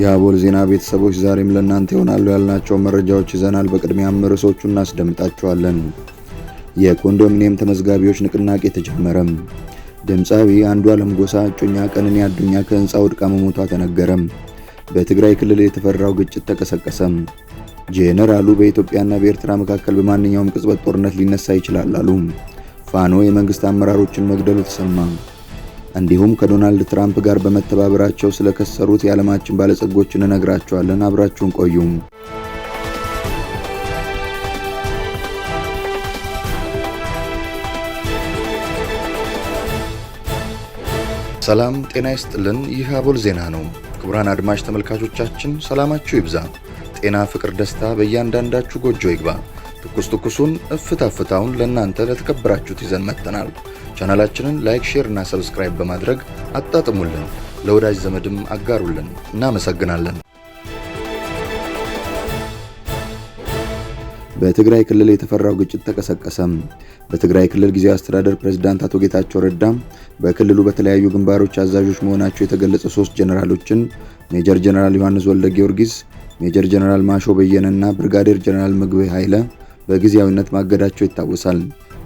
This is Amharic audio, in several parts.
የአቦል ዜና ቤተሰቦች ዛሬም ለእናንተ ይሆናሉ ያልናቸው መረጃዎች ይዘናል። በቅድሚያም ርዕሶቹ እናስደምጣቸዋለን። የኮንዶሚኒየም ተመዝጋቢዎች ንቅናቄ ተጀመረም። ድምፃዊ አለም ጎሳ እጮኛ ቀንን ያዱኛ ከህንፃ ወድቃ መሞቷ ተነገረም። በትግራይ ክልል የተፈራው ግጭት ተቀሰቀሰም። ጄኔራሉ በኢትዮጵያና በኤርትራ መካከል በማንኛውም ቅጽበት ጦርነት ሊነሳ ይችላል አሉ። ፋኖ የመንግስት አመራሮችን መግደሉ ተሰማ። እንዲሁም ከዶናልድ ትራምፕ ጋር በመተባበራቸው ስለከሰሩት የዓለማችን ባለጸጎች እንነግራችኋለን። አብራችሁን ቆዩም። ሰላም ጤና ይስጥልን። ይህ አቦል ዜና ነው። ክቡራን አድማጭ ተመልካቾቻችን ሰላማችሁ ይብዛ፣ ጤና፣ ፍቅር፣ ደስታ በእያንዳንዳችሁ ጎጆ ይግባ። ትኩስ ትኩሱን እፍታ ፍታውን ለእናንተ ለተከበራችሁት ይዘን መጥተናል። ቻናላችንን ላይክ፣ ሼር እና ሰብስክራይብ በማድረግ አጣጥሙልን፣ ለወዳጅ ዘመድም አጋሩልን። እናመሰግናለን። በትግራይ ክልል የተፈራው ግጭት ተቀሰቀሰ በትግራይ ክልል ጊዜያዊ አስተዳደር ፕሬዝዳንት አቶ ጌታቸው ረዳ በክልሉ በተለያዩ ግንባሮች አዛዦች መሆናቸው የተገለጸ ሶስት ጀነራሎችን ሜጀር ጀነራል ዮሐንስ ወልደ ጊዮርጊስ፣ ሜጀር ጀነራል ማሾ በየነና ብርጋዴር ጀነራል ምግቤ ኃይለ በጊዜያዊነት ማገዳቸው ይታወሳል።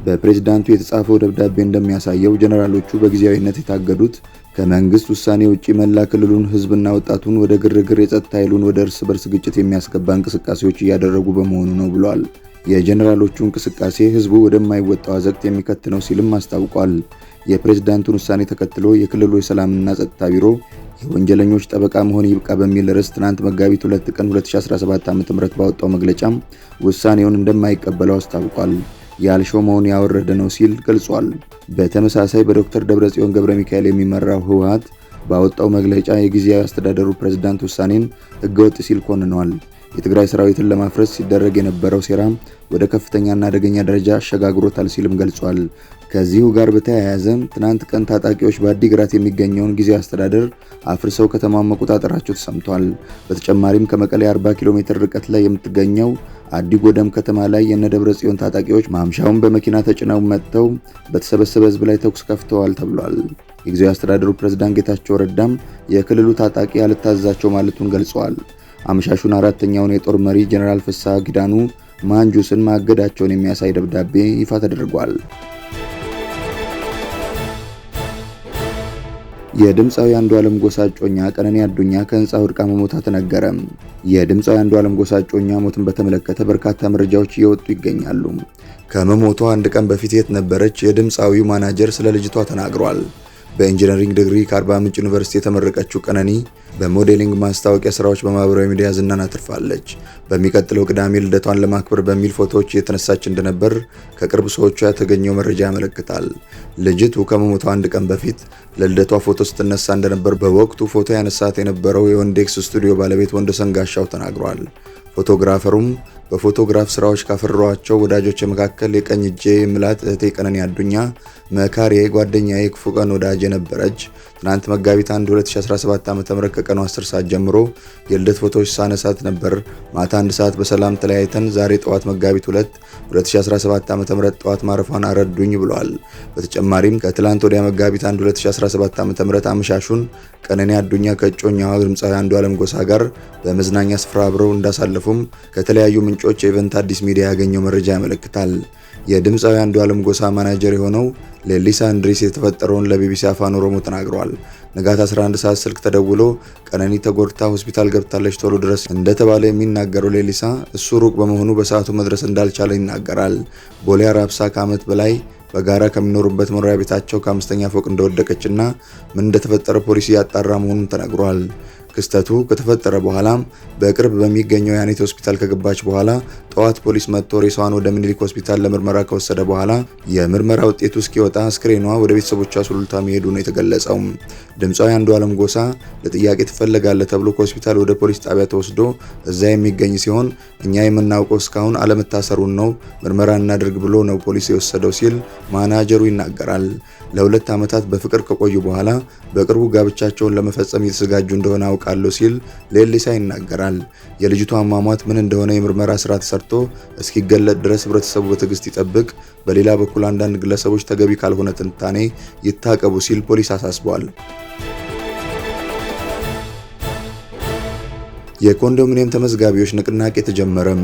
በፕሬዝዳንቱ የተጻፈው ደብዳቤ እንደሚያሳየው ጀነራሎቹ በጊዜያዊነት የታገዱት ከመንግስት ውሳኔ ውጪ መላ ክልሉን ህዝብና ወጣቱን ወደ ግርግር፣ የጸጥታ ኃይሉን ወደ እርስ በርስ ግጭት የሚያስገባ እንቅስቃሴዎች እያደረጉ በመሆኑ ነው ብሏል። የጀነራሎቹ እንቅስቃሴ ህዝቡ ወደማይወጣው አዘቅት የሚከት ነው ሲልም አስታውቋል። የፕሬዝዳንቱን ውሳኔ ተከትሎ የክልሉ የሰላምና ጸጥታ ቢሮ የወንጀለኞች ጠበቃ መሆን ይብቃ በሚል ርዕስ ትናንት መጋቢት 2 ቀን 2017 ም ባወጣው መግለጫም ውሳኔውን እንደማይቀበለው አስታውቋል። ያልሾመውን ያወረደ ነው ሲል ገልጿል። በተመሳሳይ በዶክተር ደብረጽዮን ገብረ ሚካኤል የሚመራው ህወሀት ባወጣው መግለጫ የጊዜያዊ አስተዳደሩ ፕሬዝዳንት ውሳኔን ህገወጥ ሲል ኮንነዋል። የትግራይ ሰራዊትን ለማፍረስ ሲደረግ የነበረው ሴራ ወደ ከፍተኛና አደገኛ ደረጃ አሸጋግሮታል ሲልም ገልጿል። ከዚሁ ጋር በተያያዘ ትናንት ቀን ታጣቂዎች በአዲግራት የሚገኘውን ጊዜ አስተዳደር አፍርሰው ከተማ መቆጣጠራቸው ተሰምቷል። በተጨማሪም ከመቀሌ 40 ኪሎ ሜትር ርቀት ላይ የምትገኘው አዲግ ወደም ከተማ ላይ የነደብረ ጽዮን ታጣቂዎች ማምሻውን በመኪና ተጭነው መጥተው በተሰበሰበ ህዝብ ላይ ተኩስ ከፍተዋል ተብሏል። የጊዜያዊ አስተዳደሩ ፕሬዝዳንት ጌታቸው ረዳም የክልሉ ታጣቂ አልታዛቸው ማለቱን ገልጸዋል። አመሻሹን አራተኛውን የጦር መሪ ጀኔራል ፍሳ ኪዳኑ ማንጁስን ማገዳቸውን የሚያሳይ ደብዳቤ ይፋ ተደርጓል። የድምፃዊ አንዱ ዓለም ጎሳ እጮኛ ቀነኒ አዱኛ ከህንፃ ወድቃ መሞታ ተነገረ። የድምፃዊ አንዱ ዓለም ጎሳ እጮኛ ሞትን በተመለከተ በርካታ መረጃዎች እየወጡ ይገኛሉ። ከመሞቷ አንድ ቀን በፊት የት ነበረች? የድምፃዊው ማናጀር ስለ ልጅቷ ተናግሯል። በኢንጂነሪንግ ዲግሪ ከአርባ ምንጭ ዩኒቨርሲቲ የተመረቀችው ቀነኒ በሞዴሊንግ ማስታወቂያ ስራዎች በማህበራዊ ሚዲያ ዝናን አትርፋለች። በሚቀጥለው ቅዳሜ ልደቷን ለማክበር በሚል ፎቶዎች እየተነሳች እንደነበር ከቅርብ ሰዎቿ የተገኘው መረጃ ያመለክታል። ልጅቱ ከመሞቷ አንድ ቀን በፊት ለልደቷ ፎቶ ስትነሳ እንደነበር በወቅቱ ፎቶ ያነሳት የነበረው የወንዴክስ ስቱዲዮ ባለቤት ወንደሰን ጋሻው ተናግሯል። ፎቶግራፈሩም በፎቶግራፍ ስራዎች ካፈሯቸው ወዳጆች መካከል የቀኝ እጄ ምላት እህቴ ቀነኒ አዱኛ መካሬ፣ ጓደኛ ክፉ ቀን ወዳጅ የነበረች ትናንት መጋቢት 1 2017 ዓ.ም ከቀኑ 10 ሰዓት ጀምሮ የልደት ፎቶዎች ሳነሳት ነበር። ማታ አንድ ሰዓት በሰላም ተለያይተን ዛሬ ጠዋት መጋቢት 2 2017 ዓ.ም ጠዋት ማረፏን አረዱኝ ብሏል። በተጨማሪም ከትላንት ወዲያ መጋቢት 1 2017 ዓ.ም አመሻሹን ቀነኒ አዱኛ ከእጮኛዋ ድምፃዊ አንዱ አለም ጎሳ ጋር በመዝናኛ ስፍራ አብረው እንዳሳለፉም ከተለያዩ ምንጮ ምንጮች ኤቨንት አዲስ ሚዲያ ያገኘው መረጃ ያመለክታል። የድምፃዊ አንዱ ዓለም ጎሳ ማናጀር የሆነው ሌሊሳ እንድሪስ የተፈጠረውን ለቢቢሲ አፋን ኦሮሞ ተናግረዋል። ንጋት 11 ሰዓት ስልክ ተደውሎ ቀነኒ ተጎድታ ሆስፒታል ገብታለች ቶሎ ድረስ እንደተባለ የሚናገረው ሌሊሳ እሱ ሩቅ በመሆኑ በሰዓቱ መድረስ እንዳልቻለ ይናገራል። ቦሌ አራብሳ ከዓመት በላይ በጋራ ከሚኖሩበት መኖሪያ ቤታቸው ከአምስተኛ ፎቅ እንደወደቀችና ምን እንደተፈጠረ ፖሊስ እያጣራ መሆኑን ተናግሯል። ክስተቱ ከተፈጠረ በኋላ በቅርብ በሚገኘው የአኔት ሆስፒታል ከገባች በኋላ ጠዋት ፖሊስ መጥቶ ሬሷን ወደ ምኒልክ ሆስፒታል ለምርመራ ከወሰደ በኋላ የምርመራ ውጤቱ እስኪወጣ አስክሬኗ ወደ ቤተሰቦቿ ሱሉልታ መሄዱ ነው የተገለጸው። ድምፃዊ አንዱ አለም ጎሳ ለጥያቄ ትፈለጋለህ ተብሎ ከሆስፒታል ወደ ፖሊስ ጣቢያ ተወስዶ እዛ የሚገኝ ሲሆን እኛ የምናውቀው እስካሁን አለመታሰሩን ነው፣ ምርመራ እናደርግ ብሎ ነው ፖሊስ የወሰደው ሲል ማናጀሩ ይናገራል። ለሁለት ዓመታት በፍቅር ከቆዩ በኋላ በቅርቡ ጋብቻቸውን ለመፈጸም እየተዘጋጁ እንደሆነ አውቃለሁ ሲል ሌሊሳ ይናገራል። የልጅቱ አሟሟት ምን እንደሆነ የምርመራ ስራ ተሰርቶ እስኪገለጥ ድረስ ህብረተሰቡ በትዕግስት ይጠብቅ፣ በሌላ በኩል አንዳንድ ግለሰቦች ተገቢ ካልሆነ ትንታኔ ይታቀቡ ሲል ፖሊስ አሳስበዋል። የኮንዶሚኒየም ተመዝጋቢዎች ንቅናቄ ተጀመረም።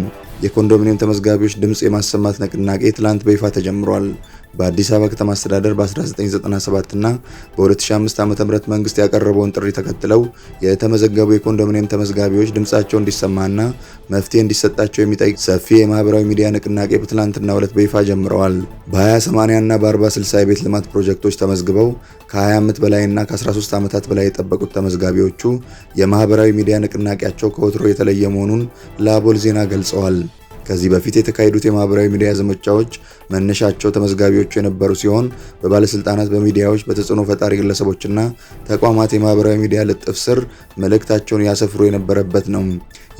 የኮንዶሚኒየም ተመዝጋቢዎች ድምፅ የማሰማት ንቅናቄ ትላንት በይፋ ተጀምሯል። በአዲስ አበባ ከተማ አስተዳደር በ1997 እና በ2005 ም መንግስት ያቀረበውን ጥሪ ተከትለው የተመዘገቡ የኮንዶሚኒየም ተመዝጋቢዎች ድምፃቸው እንዲሰማና መፍትሄ እንዲሰጣቸው የሚጠይቅ ሰፊ የማህበራዊ ሚዲያ ንቅናቄ በትላንትና ዕለት በይፋ ጀምረዋል። በ20/80 እና በ40/60 የቤት ልማት ፕሮጀክቶች ተመዝግበው ከ20 ዓመት በላይና ከ13 ዓመታት በላይ የጠበቁት ተመዝጋቢዎቹ የማህበራዊ ሚዲያ ንቅናቄያቸው ከወትሮ የተለየ መሆኑን ለአቦል ዜና ገልጸዋል። ከዚህ በፊት የተካሄዱት የማህበራዊ ሚዲያ ዘመቻዎች መነሻቸው ተመዝጋቢዎቹ የነበሩ ሲሆን በባለስልጣናት፣ በሚዲያዎች፣ በተጽዕኖ ፈጣሪ ግለሰቦችና ተቋማት የማህበራዊ ሚዲያ ልጥፍ ስር መልእክታቸውን ያሰፍሩ የነበረበት ነው።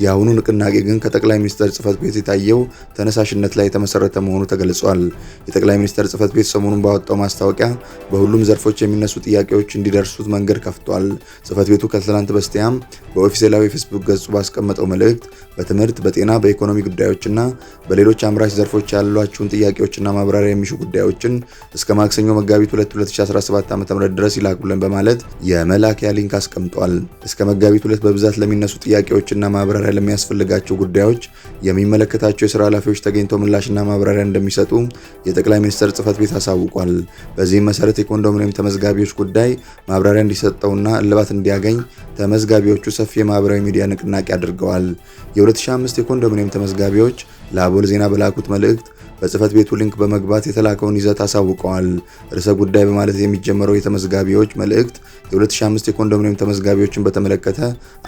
የአሁኑ ንቅናቄ ግን ከጠቅላይ ሚኒስተር ጽህፈት ቤት የታየው ተነሳሽነት ላይ የተመሰረተ መሆኑ ተገልጿል። የጠቅላይ ሚኒስተር ጽህፈት ቤት ሰሞኑን ባወጣው ማስታወቂያ በሁሉም ዘርፎች የሚነሱ ጥያቄዎች እንዲደርሱት መንገድ ከፍቷል። ጽህፈት ቤቱ ከትላንት በስቲያም በኦፊሴላዊ ፌስቡክ ገጹ ባስቀመጠው መልእክት በትምህርት፣ በጤና፣ በኢኮኖሚ ጉዳዮችና በሌሎች አምራች ዘርፎች ያሏችሁን ጥያቄዎችና ማብራሪያ የሚሹ ጉዳዮችን እስከ ማክሰኞ መጋቢት 2 2017 ዓ ም ድረስ ይላኩልን በማለት የመላኪያ ሊንክ አስቀምጧል። እስከ መጋቢት 2 በብዛት ለሚነሱ ጥያቄዎችና ማብራሪያ ማብራሪያ ለሚያስፈልጋቸው ጉዳዮች የሚመለከታቸው የስራ ኃላፊዎች ተገኝተው ምላሽና ማብራሪያ እንደሚሰጡ የጠቅላይ ሚኒስትር ጽህፈት ቤት አሳውቋል። በዚህም መሰረት የኮንዶሚኒየም ተመዝጋቢዎች ጉዳይ ማብራሪያ እንዲሰጠውና እልባት እንዲያገኝ ተመዝጋቢዎቹ ሰፊ የማህበራዊ ሚዲያ ንቅናቄ አድርገዋል። የ2005 የኮንዶሚኒየም ተመዝጋቢዎች ለአቦል ዜና በላኩት መልእክት በጽህፈት ቤቱ ሊንክ በመግባት የተላከውን ይዘት አሳውቀዋል። ርዕሰ ጉዳይ በማለት የሚጀመረው የተመዝጋቢዎች መልእክት የ2005 የኮንዶሚኒየም ተመዝጋቢዎችን በተመለከተ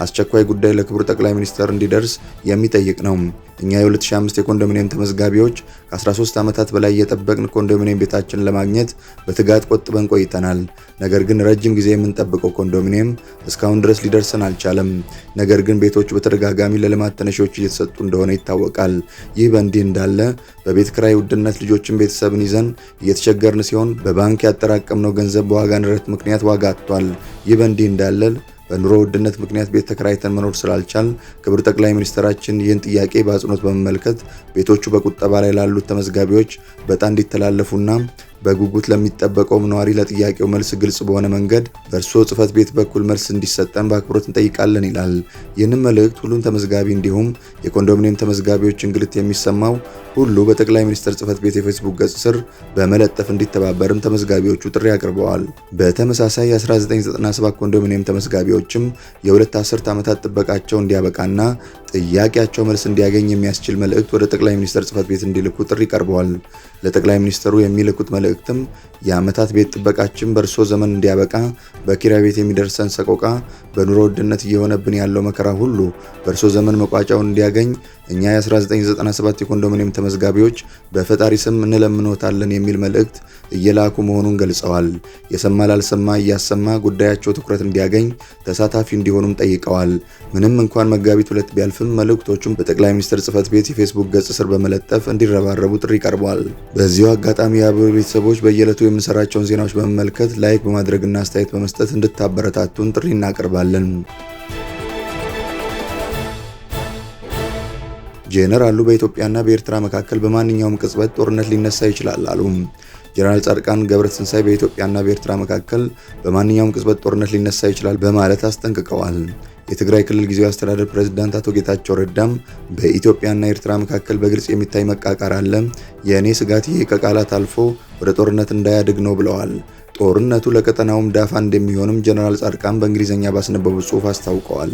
አስቸኳይ ጉዳይ ለክቡር ጠቅላይ ሚኒስትር እንዲደርስ የሚጠይቅ ነው። እኛ የ2005 የኮንዶሚኒየም ተመዝጋቢዎች ከ13 ዓመታት በላይ የጠበቅን ኮንዶሚኒየም ቤታችን ለማግኘት በትጋት ቆጥበን ቆይተናል። ነገር ግን ረጅም ጊዜ የምንጠብቀው ኮንዶሚኒየም እስካሁን ድረስ ሊደርሰን አልቻለም። ነገር ግን ቤቶቹ በተደጋጋሚ ለልማት ተነሺዎች እየተሰጡ እንደሆነ ይታወቃል። ይህ በእንዲህ እንዳለ በቤት ክራይ ውድነት ልጆችን ቤተሰብን ይዘን እየተቸገርን ሲሆን፣ በባንክ ያጠራቀምነው ገንዘብ በዋጋ ንረት ምክንያት ዋጋ አጥቷል። ይህ በእንዲህ እንዳለ በኑሮ ውድነት ምክንያት ቤት ተከራይተን መኖር ስላልቻል ክብር ጠቅላይ ሚኒስትራችን ይህን ጥያቄ በአጽንኦት በመመልከት ቤቶቹ በቁጠባ ላይ ላሉት ተመዝጋቢዎች በጣ እንዲተላለፉና በጉጉት ለሚጠበቀውም ነዋሪ ለጥያቄው መልስ ግልጽ በሆነ መንገድ በእርስዎ ጽሕፈት ቤት በኩል መልስ እንዲሰጠን በአክብሮት እንጠይቃለን ይላል። ይህንም መልእክት ሁሉም ተመዝጋቢ እንዲሁም የኮንዶሚኒየም ተመዝጋቢዎች እንግልት የሚሰማው ሁሉ በጠቅላይ ሚኒስትር ጽህፈት ቤት የፌስቡክ ገጽ ስር በመለጠፍ እንዲተባበርም ተመዝጋቢዎቹ ጥሪ አቅርበዋል። በተመሳሳይ የ1997 ኮንዶሚኒየም ተመዝጋቢዎችም የሁለት አስርት ዓመታት ጥበቃቸው እንዲያበቃና ጥያቄያቸው መልስ እንዲያገኝ የሚያስችል መልእክት ወደ ጠቅላይ ሚኒስትር ጽህፈት ቤት እንዲልኩ ጥሪ ቀርበዋል። ለጠቅላይ ሚኒስትሩ የሚልኩት መልእክትም የዓመታት ቤት ጥበቃችን በእርሶ ዘመን እንዲያበቃ፣ በኪራይ ቤት የሚደርሰን ሰቆቃ፣ በኑሮ ውድነት እየሆነብን ያለው መከራ ሁሉ በእርሶ ዘመን መቋጫውን እንዲያገኝ እኛ የ1997 የኮንዶሚኒየም ተመዝጋቢዎች በፈጣሪ ስም እንለምኖታለን የሚል መልእክት እየላኩ መሆኑን ገልጸዋል። የሰማ ላልሰማ እያሰማ ጉዳያቸው ትኩረት እንዲያገኝ ተሳታፊ እንዲሆኑም ጠይቀዋል። ምንም እንኳን መጋቢት ሁለት ቢያልፍም መልእክቶቹም በጠቅላይ ሚኒስትር ጽህፈት ቤት የፌስቡክ ገጽ ስር በመለጠፍ እንዲረባረቡ ጥሪ ቀርቧል። በዚሁ አጋጣሚ የአብር ቤተሰቦች በየዕለቱ የምንሰራቸውን ዜናዎች በመመልከት ላይክ በማድረግና አስተያየት በመስጠት እንድታበረታቱን ጥሪ እናቀርባለን። ጄኔራሉ በኢትዮጵያና በኤርትራ መካከል በማንኛውም ቅጽበት ጦርነት ሊነሳ ይችላል አሉ። ጀነራል ጻድቃን ገብረትንሳኤ በኢትዮጵያና በኤርትራ መካከል በማንኛውም ቅጽበት ጦርነት ሊነሳ ይችላል በማለት አስጠንቅቀዋል። የትግራይ ክልል ጊዜያዊ አስተዳደር ፕሬዝዳንት አቶ ጌታቸው ረዳም በኢትዮጵያና ኤርትራ መካከል በግልጽ የሚታይ መቃቃር አለ፣ የእኔ ስጋት ይህ ከቃላት አልፎ ወደ ጦርነት እንዳያድግ ነው ብለዋል። ጦርነቱ ለቀጠናውም ዳፋ እንደሚሆንም ጀነራል ጻድቃን በእንግሊዝኛ ባስነበቡ ጽሑፍ አስታውቀዋል።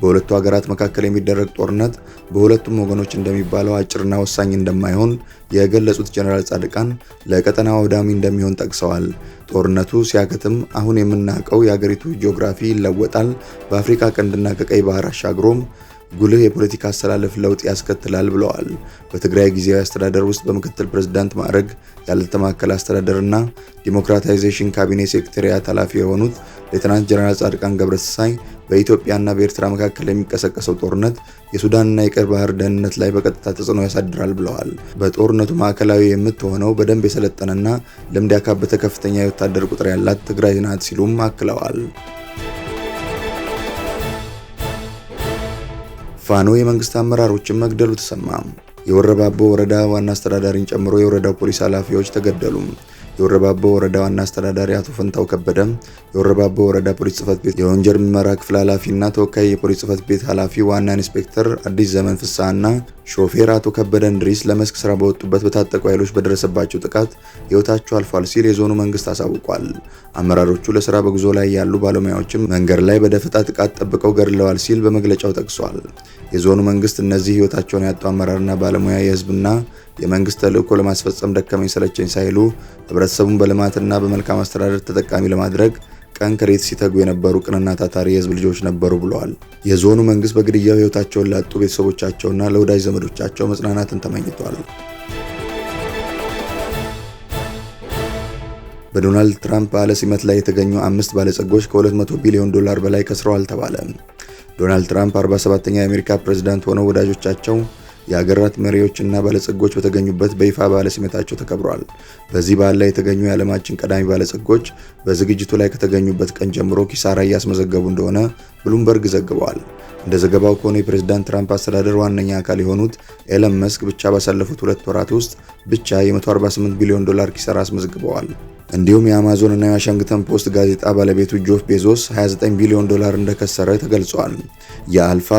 በሁለቱ ሀገራት መካከል የሚደረግ ጦርነት በሁለቱም ወገኖች እንደሚባለው አጭርና ወሳኝ እንደማይሆን የገለጹት ጀነራል ጻድቃን ለቀጠናው አውዳሚ እንደሚሆን ጠቅሰዋል። ጦርነቱ ሲያከትም አሁን የምናውቀው የሀገሪቱ ጂኦግራፊ ይለወጣል። በአፍሪካ ቀንድና ከቀይ ባህር አሻግሮም ጉልህ የፖለቲካ አሰላለፍ ለውጥ ያስከትላል ብለዋል። በትግራይ ጊዜያዊ አስተዳደር ውስጥ በምክትል ፕሬዝዳንት ማዕረግ ያልተማከለ አስተዳደርና ዲሞክራታይዜሽን ካቢኔ ሴክሬታሪያት ኃላፊ የሆኑት ሌተናንት ጀነራል ጻድቃን ገብረትንሳኤ በኢትዮጵያና በኤርትራ መካከል የሚቀሰቀሰው ጦርነት የሱዳንና የቀይ ባህር ደህንነት ላይ በቀጥታ ተጽዕኖ ያሳድራል ብለዋል። በጦርነቱ ማዕከላዊ የምትሆነው በደንብ የሰለጠነና ልምድ ያካበተ ከፍተኛ የወታደር ቁጥር ያላት ትግራይ ናት ሲሉም አክለዋል። ፋኖ የመንግስት አመራሮችን መግደሉ ተሰማ። የወረባቦ ወረዳ ዋና አስተዳዳሪን ጨምሮ የወረዳው ፖሊስ ኃላፊዎች ተገደሉም። የወረባቦ ወረዳ ዋና አስተዳዳሪ አቶ ፈንታው ከበደ፣ የወረባቦ ወረዳ ፖሊስ ጽፈት ቤት የወንጀል ምርመራ ክፍል ኃላፊና ተወካይ የፖሊስ ጽህፈት ቤት ኃላፊ ዋና ኢንስፔክተር አዲስ ዘመን ና ሾፌር አቶ ከበደ እንድሪስ ለመስክ ስራ በወጡበት በታጠቁ ኃይሎች በደረሰባቸው ጥቃት ህይወታቸው አልፏል ሲል የዞኑ መንግስት አሳውቋል። አመራሮቹ ለስራ በጉዞ ላይ ያሉ ባለሙያዎችም መንገድ ላይ በደፈጣ ጥቃት ጠብቀው ገድለዋል ሲል በመግለጫው ጠቅሷል። የዞኑ መንግስት እነዚህ ህይወታቸውን ያጡ አመራርና ባለሙያ የህዝብና የመንግስት ተልዕኮ ለማስፈጸም ደከመኝ ሰለቸኝ ሳይሉ ህብረ ህብረተሰቡን በልማትና በመልካም አስተዳደር ተጠቃሚ ለማድረግ ቀን ከሌት ሲተጉ የነበሩ ቅንና ታታሪ የህዝብ ልጆች ነበሩ ብለዋል። የዞኑ መንግስት በግድያው ህይወታቸውን ላጡ ቤተሰቦቻቸውና ለወዳጅ ዘመዶቻቸው መጽናናትን ተመኝቷል። በዶናልድ ትራምፕ በዓለ ሲመት ላይ የተገኙ አምስት ባለጸጎች ከ200 ቢሊዮን ዶላር በላይ ከስረዋል ተባለ። ዶናልድ ትራምፕ 47ኛ የአሜሪካ ፕሬዚዳንት ሆነው ወዳጆቻቸው የሀገራት መሪዎችና ባለጸጎች በተገኙበት በይፋ በዓለ ሲመታቸው ተከብሯል። በዚህ በዓል ላይ የተገኙ የዓለማችን ቀዳሚ ባለጸጎች በዝግጅቱ ላይ ከተገኙበት ቀን ጀምሮ ኪሳራ እያስመዘገቡ እንደሆነ ብሉምበርግ ዘግበዋል። እንደ ዘገባው ከሆነ የፕሬዝዳንት ትራምፕ አስተዳደር ዋነኛ አካል የሆኑት ኤለን መስክ ብቻ ባሳለፉት ሁለት ወራት ውስጥ ብቻ የ148 ቢሊዮን ዶላር ኪሳራ አስመዝግበዋል። እንዲሁም የአማዞን እና የዋሽንግተን ፖስት ጋዜጣ ባለቤቱ ጆፍ ቤዞስ 29 ቢሊዮን ዶላር እንደከሰረ ተገልጿል።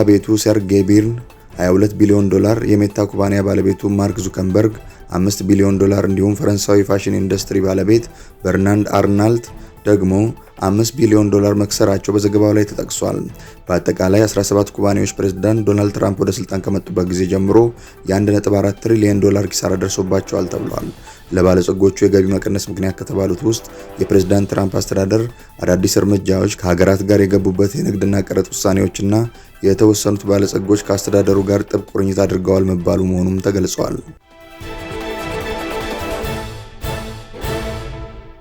ቤቱ ሰርጌ ቢርን 22 ቢሊዮን ዶላር የሜታ ኩባንያ ባለቤቱ ማርክ ዙከንበርግ 5 ቢሊዮን ዶላር እንዲሁም ፈረንሳዊ ፋሽን ኢንዱስትሪ ባለቤት በርናንድ አርናልት ደግሞ 5 ቢሊዮን ዶላር መክሰራቸው በዘገባው ላይ ተጠቅሷል። በአጠቃላይ 17 ኩባንያዎች ፕሬዝዳንት ዶናልድ ትራምፕ ወደ ስልጣን ከመጡበት ጊዜ ጀምሮ የ1.4 ትሪሊየን ዶላር ኪሳራ ደርሶባቸዋል ተብሏል። ለባለጸጎቹ የገቢ መቀነስ ምክንያት ከተባሉት ውስጥ የፕሬዝዳንት ትራምፕ አስተዳደር አዳዲስ እርምጃዎች ከሀገራት ጋር የገቡበት የንግድና ቀረጥ ውሳኔዎችና የተወሰኑት ባለጸጎች ከአስተዳደሩ ጋር ጥብቅ ቁርኝት አድርገዋል መባሉ መሆኑም ተገልጿል።